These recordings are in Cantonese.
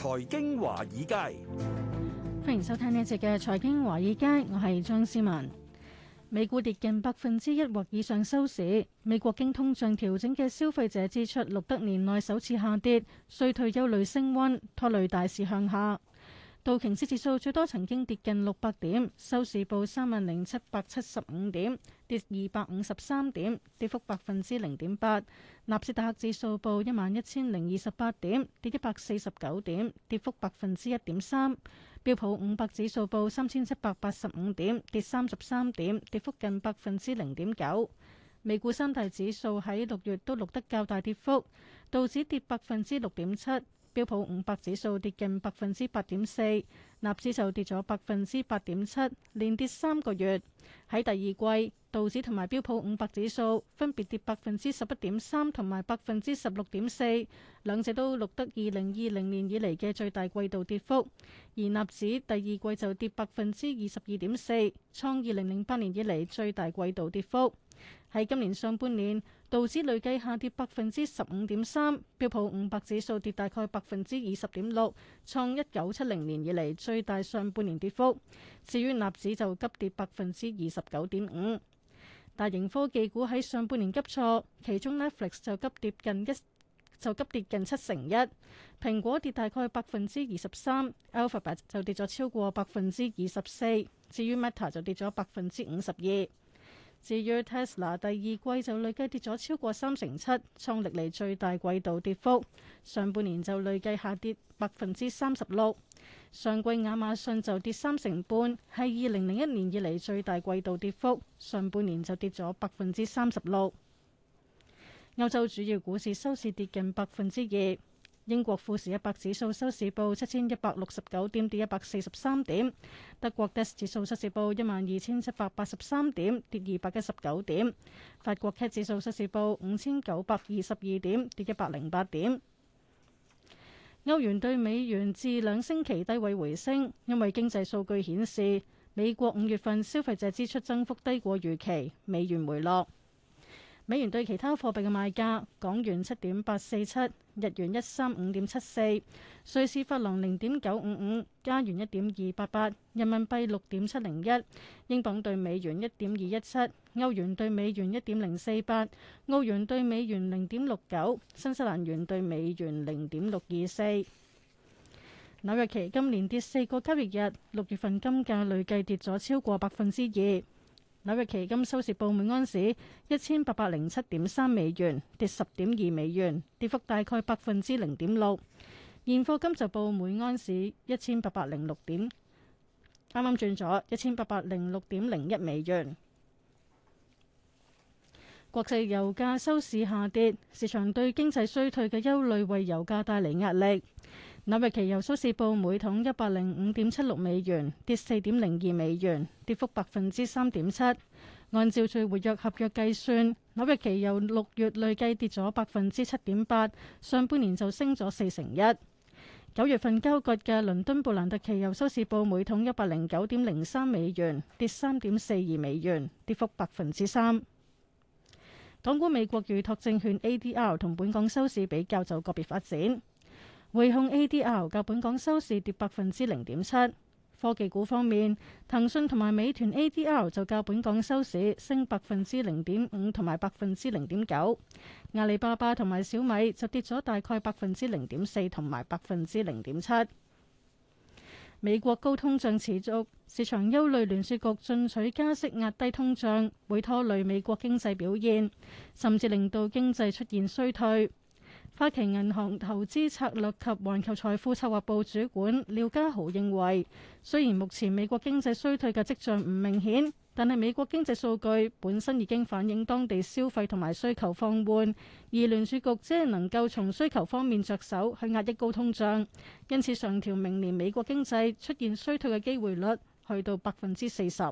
財經華爾街，歡迎收聽呢一節嘅財經華爾街，我係張思文。美股跌近百分之一或以上收市，美國經通脹調整嘅消費者支出錄得年內首次下跌，衰退憂慮升溫拖累大市向下。道瓊斯指數最多曾經跌近六百點，收市報三萬零七百七十五點，跌二百五十三點，跌幅百分之零點八。納斯達克指數報一萬一千零二十八點，跌一百四十九點，跌幅百分之一點三。標普五百指數報三千七百八十五點，跌三十三點，跌幅近百分之零點九。美股三大指數喺六月都錄得較大跌幅，道指跌百分之六點七。標普五百指數跌近百分之八點四，納指就跌咗百分之八點七，連跌三個月。喺第二季，道指同埋標普五百指數分別跌百分之十一點三同埋百分之十六點四，兩者都錄得二零二零年以嚟嘅最大季度跌幅。而納指第二季就跌百分之二十二點四，創二零零八年以嚟最大季度跌幅。喺今年上半年，道指累計下跌百分之十五點三，標普五百指數跌大概百分之二十點六，創一九七零年以嚟最大上半年跌幅。至於納指就急跌百分之二十九點五，大型科技股喺上半年急挫，其中 Netflix 就急跌近一就急跌近七成一，蘋果跌大概百分之二十三，Alphabet 就跌咗超過百分之二十四，至於 Meta 就跌咗百分之五十二。至於 Tesla，第二季就累計跌咗超過三成七，創歷嚟最大季度跌幅。上半年就累計下跌百分之三十六。上季亞馬遜就跌三成半，係二零零一年以嚟最大季度跌幅。上半年就跌咗百分之三十六。歐洲主要股市收市跌近百分之二。英國富時一百指數收市報七千一百六十九點，跌一百四十三點。德國 DAX 指數收市報一萬二千七百八十三點，跌二百一十九點。法國 CAC 指數收市報五千九百二十二點，跌一百零八點。歐元對美元至兩星期低位回升，因為經濟數據顯示美國五月份消費者支出增幅低過預期，美元回落。美元對其他貨幣嘅賣價：港元七點八四七，日元一三五點七四，瑞士法郎零點九五五，加元一點二八八，人民幣六點七零一，英鎊對美元一點二一七，歐元對美元一點零四八，澳元對美元零點六九，新西蘭元對美元零點六二四。紐約期今年跌四個交易日，六月份金價累計跌咗超過百分之二。紐約期金收市報每盎司一千八百零七點三美元，跌十點二美元，跌幅大概百分之零點六。現貨金就報每盎司一千八百零六點，啱啱轉咗一千八百零六點零一美元。國際油價收市下跌，市場對經濟衰退嘅憂慮爲油價帶嚟壓力。紐約期油收市報每桶一百零五點七六美元，跌四點零二美元，跌幅百分之三點七。按照最活躍合約計算，紐約期油六月累計跌咗百分之七點八，上半年就升咗四成一。九月份交割嘅倫敦布蘭特期油收市報每桶一百零九點零三美元，跌三點四二美元，跌幅百分之三。港股美國預託證券 ADR 同本港收市比較就個別發展。匯控 ADR 較本港收市跌百分之零點七，科技股方面，騰訊同埋美團 ADR 就較本港收市升百分之零點五同埋百分之零點九，阿里巴巴同埋小米就跌咗大概百分之零點四同埋百分之零點七。美國高通脹持續，市場憂慮聯儲局進取加息壓低通脹，會拖累美國經濟表現，甚至令到經濟出現衰退。花旗銀行投資策略及環球財富策劃部主管廖家豪認為，雖然目前美國經濟衰退嘅跡象唔明顯，但係美國經濟數據本身已經反映當地消費同埋需求放緩，而聯儲局只係能夠從需求方面着手去壓抑高通脹，因此上調明年美國經濟出現衰退嘅機會率去到百分之四十。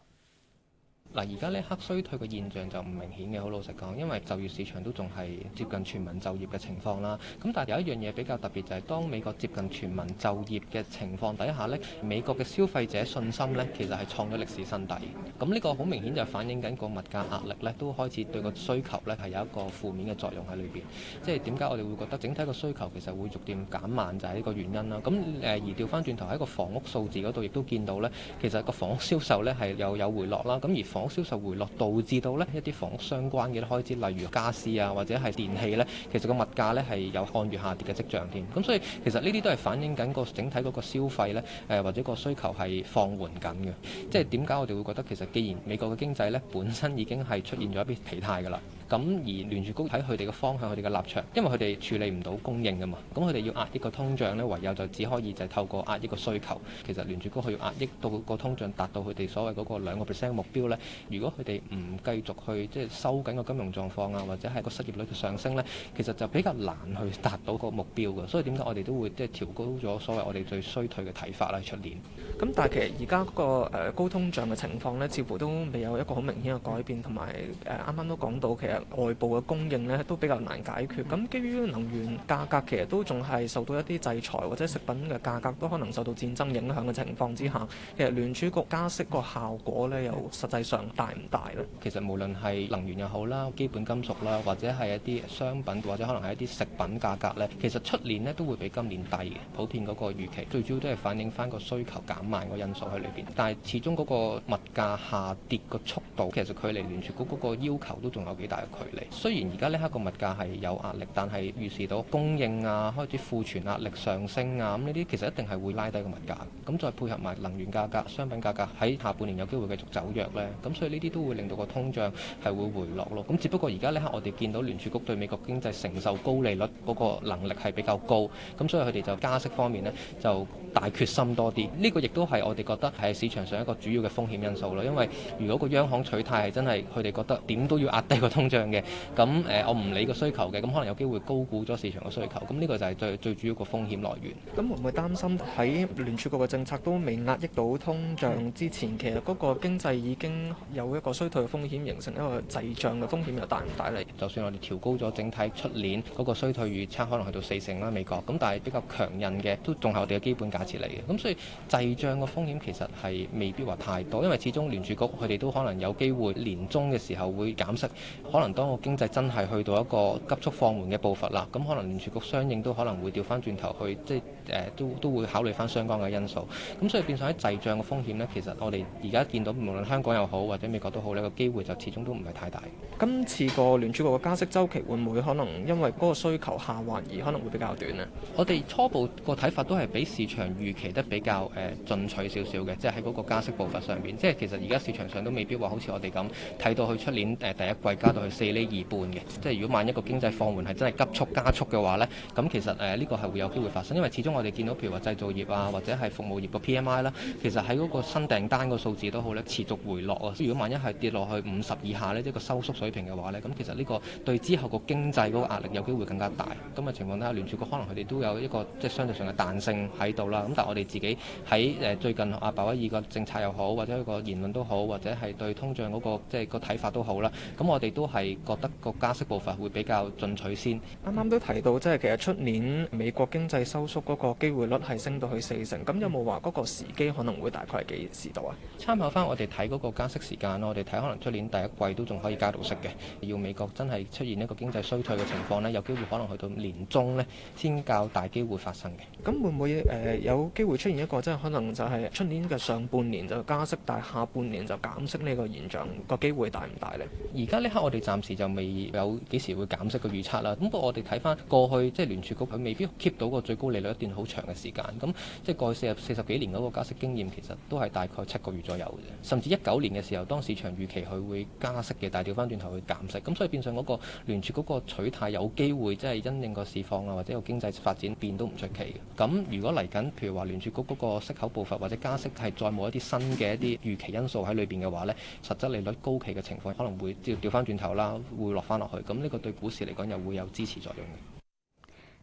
嗱，而家咧，黑衰退嘅現象就唔明顯嘅，好老實講，因為就業市場都仲係接近全民就業嘅情況啦。咁但係有一樣嘢比較特別，就係當美國接近全民就業嘅情況底下呢，美國嘅消費者信心呢，其實係創咗歷史新低。咁呢個好明顯就反映緊個物價壓力呢，都開始對個需求呢，係有一個負面嘅作用喺裏邊。即係點解我哋會覺得整體個需求其實會逐漸減慢，就係、是、呢個原因啦。咁誒而調翻轉頭喺個房屋數字嗰度，亦都見到呢，其實個房屋銷售呢係又有，有回落啦。咁而房屋銷售回落，導致到呢一啲房屋相關嘅開支，例如傢俬啊，或者係電器呢，其實個物價呢係有按月下跌嘅跡象添。咁所以其實呢啲都係反映緊個整體嗰個消費呢，誒或者個需求係放緩緊嘅。即係點解我哋會覺得其實既然美國嘅經濟呢本身已經係出現咗一啲疲態㗎啦？咁而聯儲局喺佢哋嘅方向、佢哋嘅立場，因為佢哋處理唔到供應㗎嘛，咁佢哋要壓呢個通脹咧，唯有就只可以就透過壓呢個需求。其實聯儲局佢要壓抑到個通脹達到佢哋所謂嗰個兩個 percent 嘅目標咧，如果佢哋唔繼續去即係收緊個金融狀況啊，或者係個失業率嘅上升咧，其實就比較難去達到個目標嘅。所以點解我哋都會即係調高咗所謂我哋最衰退嘅睇法咧？出年。咁但係其實而家個誒高通脹嘅情況咧，似乎都未有一個好明顯嘅改變，同埋誒啱啱都講到其實，外部嘅供應咧都比較難解決，咁基於能源價格其實都仲係受到一啲制裁，或者食品嘅價格都可能受到戰爭影響嘅情況之下，其實聯儲局加息個效果咧又實際上大唔大咧？其實無論係能源又好啦，基本金屬啦，或者係一啲商品，或者可能係一啲食品價格咧，其實出年呢都會比今年低嘅，普遍嗰個預期。最主要都係反映翻個需求減慢個因素喺裏邊，但係始終嗰個物價下跌個速度，其實佢離聯儲局嗰個要求都仲有幾大。距離，雖然而家呢刻個物價係有壓力，但係預示到供應啊，開始庫存壓力上升啊，咁呢啲其實一定係會拉低個物價。咁再配合埋能源價格、商品價格喺下半年有機會繼續走弱呢。咁所以呢啲都會令到個通脹係會回落咯。咁只不過而家呢刻我哋見到聯儲局對美國經濟承受高利率嗰個能力係比較高，咁所以佢哋就加息方面呢就，大決心多啲，呢、這個亦都係我哋覺得係喺市場上一個主要嘅風險因素咯。因為如果個央行取態係真係佢哋覺得點都要壓低個通脹嘅，咁誒、呃、我唔理個需求嘅，咁可能有機會高估咗市場嘅需求。咁呢個就係最最主要個風險來源。咁會唔會擔心喺聯儲局嘅政策都未壓抑到通脹之前，其實嗰個經濟已經有一個衰退嘅風險，形成一個滯脹嘅風險又大唔大嚟？就算我哋調高咗整體出年嗰個衰退預測，可能係到四成啦，美國咁，但係比較強韌嘅都仲係我哋嘅基本價下設嚟嘅，咁、嗯、所以滯脹嘅風險其實係未必話太多，因為始終聯儲局佢哋都可能有機會年終嘅時候會減息，可能當個經濟真係去到一個急速放緩嘅步伐啦，咁、嗯、可能聯儲局相應都可能會調翻轉頭去，即係誒、呃、都都會考慮翻相關嘅因素。咁、嗯、所以變相喺滯脹嘅風險咧，其實我哋而家見到無論香港又好或者美國都好咧，個機會就始終都唔係太大。今次個聯儲局嘅加息周期會唔會可能因為嗰個需求下滑而可能會比較短咧？我哋初步個睇法都係比市場。預期得比較誒進取少少嘅，即係喺嗰個加息步伐上邊。即係其實而家市場上都未必話好似我哋咁睇到佢出年誒第一季加到去四厘二半嘅。即係如果萬一個經濟放緩係真係急速加速嘅話呢，咁其實誒呢個係會有機會發生，因為始終我哋見到譬如話製造業啊，或者係服務業個 PMI 啦，其實喺嗰個新訂單個數字都好咧持續回落啊。如果萬一係跌落去五十以下呢，即係個收縮水平嘅話呢，咁其實呢個對之後個經濟嗰個壓力有機會更加大。咁嘅情況底下，聯儲局可能佢哋都有一個即係相對上嘅彈性喺度啦。咁但係我哋自己喺誒最近阿鮑威爾個政策又好，或者個言論都好，或者係對通脹嗰個即係個睇法都好啦。咁我哋都係覺得個加息步伐會比較進取先。啱啱都提到，即係其實出年美國經濟收縮嗰個機會率係升到去四成。咁有冇話嗰個時機可能會大概係幾時到啊？參考翻我哋睇嗰個加息時間咯，我哋睇可能出年第一季都仲可以加到息嘅。要美國真係出現一個經濟衰退嘅情況咧，有機會可能去到年中咧先較大機會發生嘅。咁會唔會誒？呃有機會出現一個即係可能就係出年嘅上半年就加息，但係下半年就減息呢個現象，個機會大唔大呢？而家呢刻我哋暫時就未有幾時會減息嘅預測啦。咁不過我哋睇翻過去，即係聯儲局佢未必 keep 到個最高利率一段好長嘅時間。咁即係過去四十四十幾年嗰個加息經驗，其實都係大概七個月左右嘅啫。甚至一九年嘅時候，當市場預期佢會加息嘅，但係調翻轉頭去減息。咁所以變相嗰個聯儲嗰個取態有機會即係因應個市況啊，或者個經濟發展變都唔出奇嘅。咁如果嚟緊。譬如話聯儲局嗰個息口部分，或者加息係再冇一啲新嘅一啲預期因素喺裏邊嘅話呢，實質利率，率高企嘅情況可能會調調翻轉頭啦，會落翻落去。咁呢個對股市嚟講又會有支持作用嘅。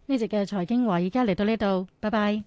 呢集嘅財經話，而家嚟到呢度，拜拜。